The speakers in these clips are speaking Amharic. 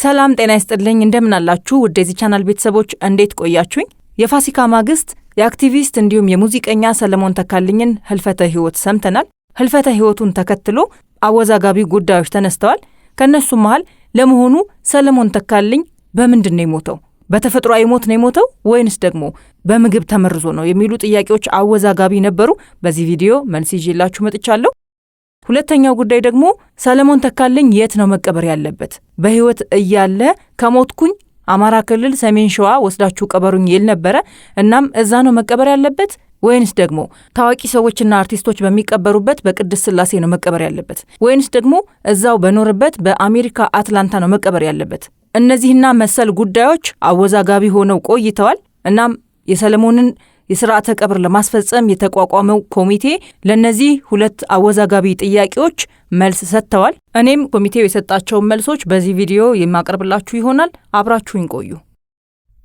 ሰላም ጤና ይስጥልኝ። እንደምን አላችሁ ውድ የዚህ ቻናል ቤተሰቦች፣ እንዴት ቆያችሁኝ? የፋሲካ ማግስት የአክቲቪስት እንዲሁም የሙዚቀኛ ሰለሞን ተካልኝን ህልፈተ ህይወት ሰምተናል። ህልፈተ ህይወቱን ተከትሎ አወዛጋቢ ጉዳዮች ተነስተዋል። ከእነሱም መሃል ለመሆኑ ሰለሞን ተካልኝ በምንድን ነው የሞተው? በተፈጥሯዊ ሞት ነው የሞተው ወይንስ ደግሞ በምግብ ተመርዞ ነው የሚሉ ጥያቄዎች አወዛጋቢ ነበሩ። በዚህ ቪዲዮ መልስ ይዤላችሁ መጥቻለሁ። ሁለተኛው ጉዳይ ደግሞ ሰለሞን ተካልኝ የት ነው መቀበር ያለበት? በህይወት እያለ ከሞትኩኝ አማራ ክልል ሰሜን ሸዋ ወስዳችሁ ቀበሩኝ ይል ነበረ። እናም እዛ ነው መቀበር ያለበት ወይንስ ደግሞ ታዋቂ ሰዎችና አርቲስቶች በሚቀበሩበት በቅድስት ስላሴ ነው መቀበር ያለበት? ወይንስ ደግሞ እዛው በኖርበት በአሜሪካ አትላንታ ነው መቀበር ያለበት? እነዚህና መሰል ጉዳዮች አወዛጋቢ ሆነው ቆይተዋል። እናም የሰለሞንን የስርዓተ ቀብር ለማስፈጸም የተቋቋመው ኮሚቴ ለእነዚህ ሁለት አወዛጋቢ ጥያቄዎች መልስ ሰጥተዋል። እኔም ኮሚቴው የሰጣቸውን መልሶች በዚህ ቪዲዮ የማቀርብላችሁ ይሆናል። አብራችሁኝ ቆዩ።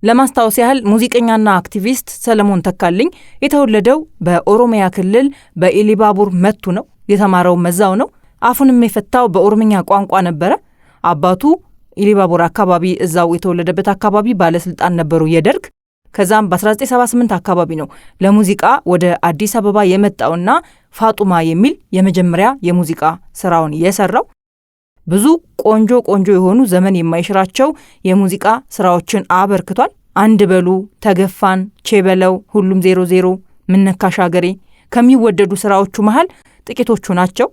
ለማስታወስ ያህል ሙዚቀኛና አክቲቪስት ሰለሞን ተካልኝ የተወለደው በኦሮሚያ ክልል በኢሊባቡር መቱ ነው። የተማረው መዛው ነው። አፉንም የፈታው በኦሮምኛ ቋንቋ ነበረ። አባቱ ኢሊባቡር አካባቢ እዛው የተወለደበት አካባቢ ባለስልጣን ነበሩ የደርግ። ከዛም በ1978 አካባቢ ነው ለሙዚቃ ወደ አዲስ አበባ የመጣውና ፋጡማ የሚል የመጀመሪያ የሙዚቃ ስራውን የሰራው። ብዙ ቆንጆ ቆንጆ የሆኑ ዘመን የማይሽራቸው የሙዚቃ ስራዎችን አበርክቷል። አንድ በሉ፣ ተገፋን፣ ቼበለው፣ ሁሉም ዜሮ ዜሮ፣ ምነካሽ ሀገሬ ከሚወደዱ ስራዎቹ መሃል ጥቂቶቹ ናቸው።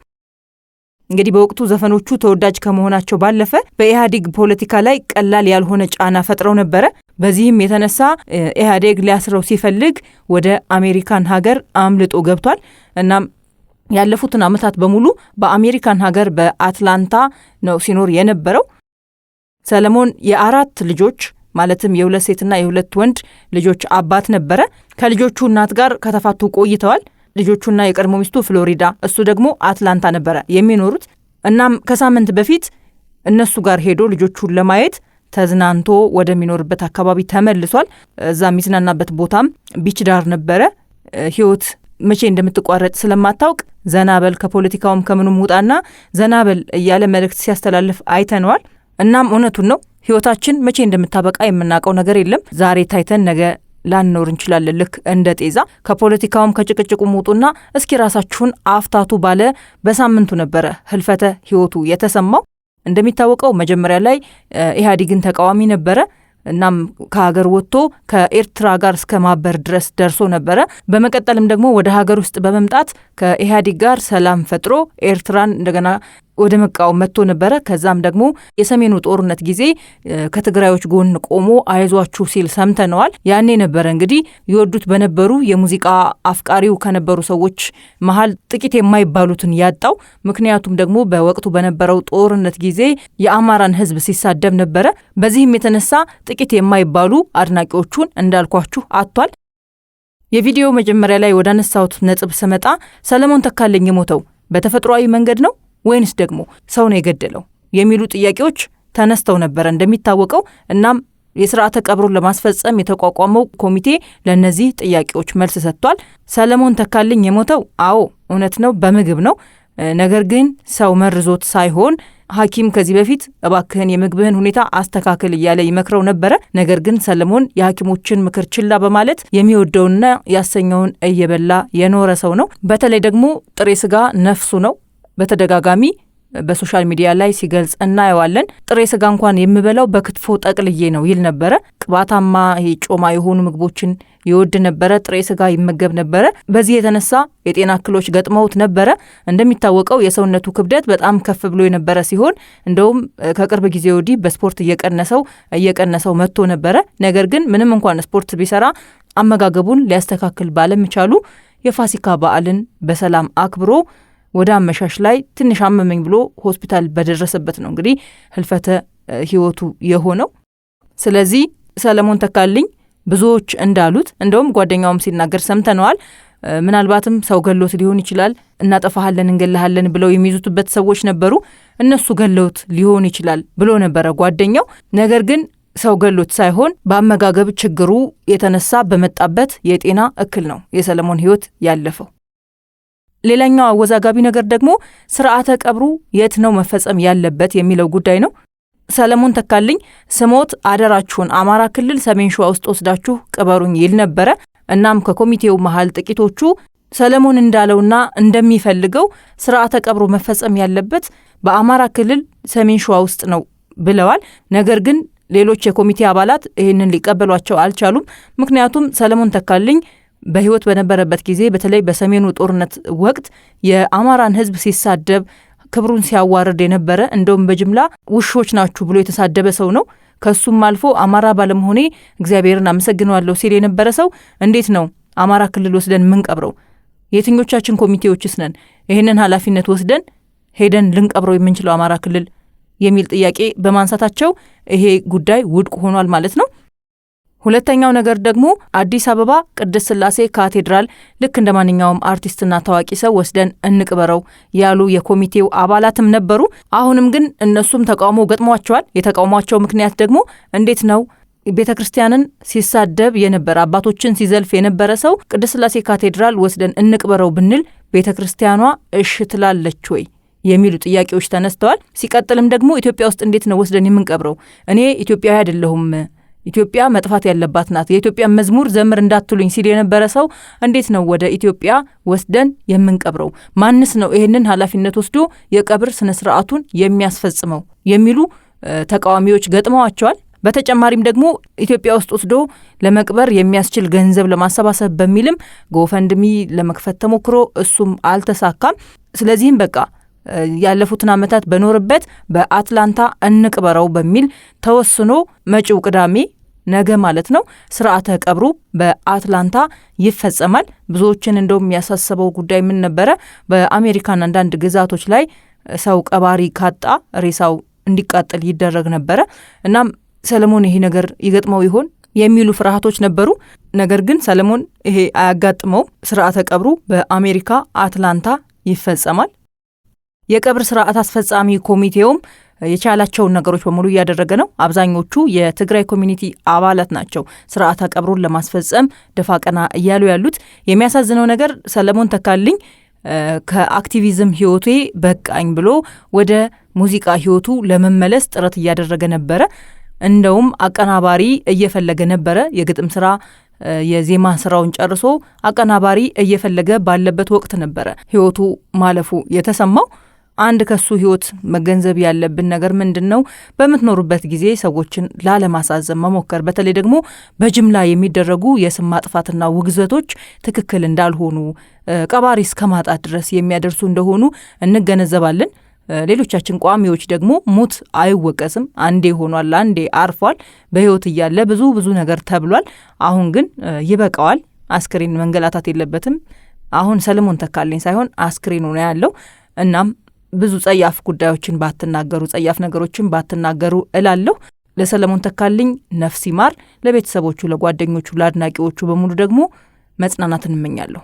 እንግዲህ በወቅቱ ዘፈኖቹ ተወዳጅ ከመሆናቸው ባለፈ በኢህአዴግ ፖለቲካ ላይ ቀላል ያልሆነ ጫና ፈጥረው ነበረ። በዚህም የተነሳ ኢህአዴግ ሊያስረው ሲፈልግ ወደ አሜሪካን ሀገር አምልጦ ገብቷል። እናም ያለፉትን ዓመታት በሙሉ በአሜሪካን ሀገር በአትላንታ ነው ሲኖር የነበረው። ሰለሞን የአራት ልጆች ማለትም የሁለት ሴትና የሁለት ወንድ ልጆች አባት ነበረ። ከልጆቹ እናት ጋር ከተፋቱ ቆይተዋል። ልጆቹና የቀድሞ ሚስቱ ፍሎሪዳ፣ እሱ ደግሞ አትላንታ ነበረ የሚኖሩት። እናም ከሳምንት በፊት እነሱ ጋር ሄዶ ልጆቹን ለማየት ተዝናንቶ ወደሚኖርበት አካባቢ ተመልሷል። እዛ የሚዝናናበት ቦታም ቢች ዳር ነበረ። ህይወት መቼ እንደምትቋረጥ ስለማታውቅ ዘናበል ከፖለቲካውም ከምኑም ውጣና ዘናበል እያለ መልእክት ሲያስተላልፍ አይተነዋል። እናም እውነቱን ነው። ህይወታችን መቼ እንደምታበቃ የምናውቀው ነገር የለም። ዛሬ ታይተን ነገ ላንኖር እንችላለን። ልክ እንደ ጤዛ ከፖለቲካውም ከጭቅጭቁ ውጡና እስኪ ራሳችሁን አፍታቱ ባለ በሳምንቱ ነበረ ህልፈተ ህይወቱ የተሰማው። እንደሚታወቀው መጀመሪያ ላይ ኢህአዴግን ተቃዋሚ ነበረ። እናም ከሀገር ወጥቶ ከኤርትራ ጋር እስከ ማበር ድረስ ደርሶ ነበረ። በመቀጠልም ደግሞ ወደ ሀገር ውስጥ በመምጣት ከኢህአዴግ ጋር ሰላም ፈጥሮ ኤርትራን እንደገና ወደ መቃወም መጥቶ ነበረ። ከዛም ደግሞ የሰሜኑ ጦርነት ጊዜ ከትግራዮች ጎን ቆሞ አይዟችሁ ሲል ሰምተነዋል። ያኔ ነበረ እንግዲህ ይወዱት በነበሩ የሙዚቃ አፍቃሪው ከነበሩ ሰዎች መሀል ጥቂት የማይባሉትን ያጣው። ምክንያቱም ደግሞ በወቅቱ በነበረው ጦርነት ጊዜ የአማራን ሕዝብ ሲሳደብ ነበረ። በዚህም የተነሳ ጥቂት የማይባሉ አድናቂዎቹን እንዳልኳችሁ አጥቷል። የቪዲዮ መጀመሪያ ላይ ወዳነሳሁት ነጥብ ስመጣ ሰለሞን ተካልኝ የሞተው በተፈጥሯዊ መንገድ ነው ወይንስ ደግሞ ሰው ነው የገደለው የሚሉ ጥያቄዎች ተነስተው ነበረ እንደሚታወቀው። እናም የስርዓተ ቀብሩን ለማስፈጸም የተቋቋመው ኮሚቴ ለእነዚህ ጥያቄዎች መልስ ሰጥቷል። ሰለሞን ተካልኝ የሞተው አዎ እውነት ነው፣ በምግብ ነው። ነገር ግን ሰው መርዞት ሳይሆን ሐኪም ከዚህ በፊት እባክህን የምግብህን ሁኔታ አስተካክል እያለ ይመክረው ነበረ። ነገር ግን ሰለሞን የሐኪሞችን ምክር ችላ በማለት የሚወደውንና ያሰኘውን እየበላ የኖረ ሰው ነው። በተለይ ደግሞ ጥሬ ስጋ ነፍሱ ነው። በተደጋጋሚ በሶሻል ሚዲያ ላይ ሲገልጽ እናየዋለን። ጥሬ ስጋ እንኳን የምበላው በክትፎ ጠቅልዬ ነው ይል ነበረ። ቅባታማ ጮማ የሆኑ ምግቦችን ይወድ ነበረ። ጥሬ ስጋ ይመገብ ነበረ። በዚህ የተነሳ የጤና እክሎች ገጥመውት ነበረ። እንደሚታወቀው የሰውነቱ ክብደት በጣም ከፍ ብሎ የነበረ ሲሆን እንደውም ከቅርብ ጊዜ ወዲህ በስፖርት እየቀነሰው እየቀነሰው መጥቶ ነበረ። ነገር ግን ምንም እንኳን ስፖርት ቢሰራ አመጋገቡን ሊያስተካክል ባለመቻሉ የፋሲካ በዓልን በሰላም አክብሮ ወደ አመሻሽ ላይ ትንሽ አመመኝ ብሎ ሆስፒታል በደረሰበት ነው እንግዲህ ህልፈተ ህይወቱ የሆነው። ስለዚህ ሰለሞን ተካልኝ ብዙዎች እንዳሉት እንደውም ጓደኛውም ሲናገር ሰምተነዋል። ምናልባትም ሰው ገሎት ሊሆን ይችላል፣ እናጠፋሃለን፣ እንገላሃለን ብለው የሚይዙትበት ሰዎች ነበሩ። እነሱ ገለውት ሊሆን ይችላል ብሎ ነበረ ጓደኛው። ነገር ግን ሰው ገሎት ሳይሆን በአመጋገብ ችግሩ የተነሳ በመጣበት የጤና እክል ነው የሰለሞን ህይወት ያለፈው። ሌላኛው አወዛጋቢ ነገር ደግሞ ስርዓተ ቀብሩ የት ነው መፈጸም ያለበት የሚለው ጉዳይ ነው። ሰለሞን ተካልኝ ስሞት አደራችሁን አማራ ክልል ሰሜን ሸዋ ውስጥ ወስዳችሁ ቅበሩኝ ይል ነበረ። እናም ከኮሚቴው መሃል ጥቂቶቹ ሰለሞን እንዳለውና እንደሚፈልገው ስርዓተ ቀብሩ መፈጸም ያለበት በአማራ ክልል ሰሜን ሸዋ ውስጥ ነው ብለዋል። ነገር ግን ሌሎች የኮሚቴ አባላት ይህንን ሊቀበሏቸው አልቻሉም። ምክንያቱም ሰለሞን ተካልኝ በህይወት በነበረበት ጊዜ በተለይ በሰሜኑ ጦርነት ወቅት የአማራን ህዝብ ሲሳደብ ክብሩን ሲያዋርድ የነበረ እንደውም በጅምላ ውሾች ናችሁ ብሎ የተሳደበ ሰው ነው። ከሱም አልፎ አማራ ባለመሆኔ እግዚአብሔርን አመሰግነዋለሁ ሲል የነበረ ሰው እንዴት ነው አማራ ክልል ወስደን ምንቀብረው? የትኞቻችን ኮሚቴዎችስ ነን ይህንን ኃላፊነት ወስደን ሄደን ልንቀብረው የምንችለው አማራ ክልል የሚል ጥያቄ በማንሳታቸው ይሄ ጉዳይ ውድቅ ሆኗል ማለት ነው። ሁለተኛው ነገር ደግሞ አዲስ አበባ ቅድስት ስላሴ ካቴድራል ልክ እንደ ማንኛውም አርቲስትና ታዋቂ ሰው ወስደን እንቅበረው ያሉ የኮሚቴው አባላትም ነበሩ። አሁንም ግን እነሱም ተቃውሞ ገጥሟቸዋል። የተቃውሟቸው ምክንያት ደግሞ እንዴት ነው ቤተ ክርስቲያንን ሲሳደብ የነበረ አባቶችን ሲዘልፍ የነበረ ሰው ቅድስት ስላሴ ካቴድራል ወስደን እንቅበረው ብንል ቤተ ክርስቲያኗ እሽ ትላለች ወይ የሚሉ ጥያቄዎች ተነስተዋል። ሲቀጥልም ደግሞ ኢትዮጵያ ውስጥ እንዴት ነው ወስደን የምንቀብረው? እኔ ኢትዮጵያዊ አይደለሁም ኢትዮጵያ መጥፋት ያለባት ናት፣ የኢትዮጵያን መዝሙር ዘምር እንዳትሉኝ ሲል የነበረ ሰው እንዴት ነው ወደ ኢትዮጵያ ወስደን የምንቀብረው? ማንስ ነው ይህንን ኃላፊነት ወስዶ የቀብር ስነ ስርዓቱን የሚያስፈጽመው? የሚሉ ተቃዋሚዎች ገጥመዋቸዋል። በተጨማሪም ደግሞ ኢትዮጵያ ውስጥ ወስዶ ለመቅበር የሚያስችል ገንዘብ ለማሰባሰብ በሚልም ጎፈንድሚ ለመክፈት ተሞክሮ እሱም አልተሳካም። ስለዚህም በቃ ያለፉትን ዓመታት በኖርበት በአትላንታ እንቅበረው በሚል ተወስኖ መጪው ቅዳሜ ነገ ማለት ነው ስርዓተ ቀብሩ በአትላንታ ይፈጸማል። ብዙዎችን እንደውም የሚያሳስበው ጉዳይ ምን ነበረ? በአሜሪካን አንዳንድ ግዛቶች ላይ ሰው ቀባሪ ካጣ ሬሳው እንዲቃጠል ይደረግ ነበረ። እናም ሰለሞን ይሄ ነገር ይገጥመው ይሆን የሚሉ ፍርሃቶች ነበሩ። ነገር ግን ሰለሞን ይሄ አያጋጥመውም። ስርዓተ ቀብሩ በአሜሪካ አትላንታ ይፈጸማል። የቀብር ስርዓት አስፈጻሚ ኮሚቴውም የቻላቸውን ነገሮች በሙሉ እያደረገ ነው። አብዛኞቹ የትግራይ ኮሚኒቲ አባላት ናቸው ስርዓተ ቀብሮን ለማስፈጸም ደፋ ቀና እያሉ ያሉት። የሚያሳዝነው ነገር ሰለሞን ተካልኝ ከአክቲቪዝም ህይወቴ በቃኝ ብሎ ወደ ሙዚቃ ህይወቱ ለመመለስ ጥረት እያደረገ ነበረ። እንደውም አቀናባሪ እየፈለገ ነበረ የግጥም ስራ የዜማ ስራውን ጨርሶ አቀናባሪ እየፈለገ ባለበት ወቅት ነበረ ህይወቱ ማለፉ የተሰማው። አንድ ከሱ ህይወት መገንዘብ ያለብን ነገር ምንድን ነው? በምትኖሩበት ጊዜ ሰዎችን ላለማሳዘን መሞከር፣ በተለይ ደግሞ በጅምላ የሚደረጉ የስም ማጥፋትና ውግዘቶች ትክክል እንዳልሆኑ ቀባሪ እስከ ማጣት ድረስ የሚያደርሱ እንደሆኑ እንገነዘባለን። ሌሎቻችን ቋሚዎች ደግሞ ሞት አይወቀስም፣ አንዴ ሆኗል፣ አንዴ አርፏል፣ በህይወት እያለ ብዙ ብዙ ነገር ተብሏል። አሁን ግን ይበቃዋል፣ አስክሬን መንገላታት የለበትም። አሁን ሰለሞን ተካልኝ ሳይሆን አስክሬኑ ነው ያለው። እናም ብዙ ጸያፍ ጉዳዮችን ባትናገሩ፣ ጸያፍ ነገሮችን ባትናገሩ እላለሁ። ለሰለሞን ተካልኝ ነፍስ ይማር፣ ለቤተሰቦቹ፣ ለጓደኞቹ፣ ለአድናቂዎቹ በሙሉ ደግሞ መጽናናትን እመኛለሁ።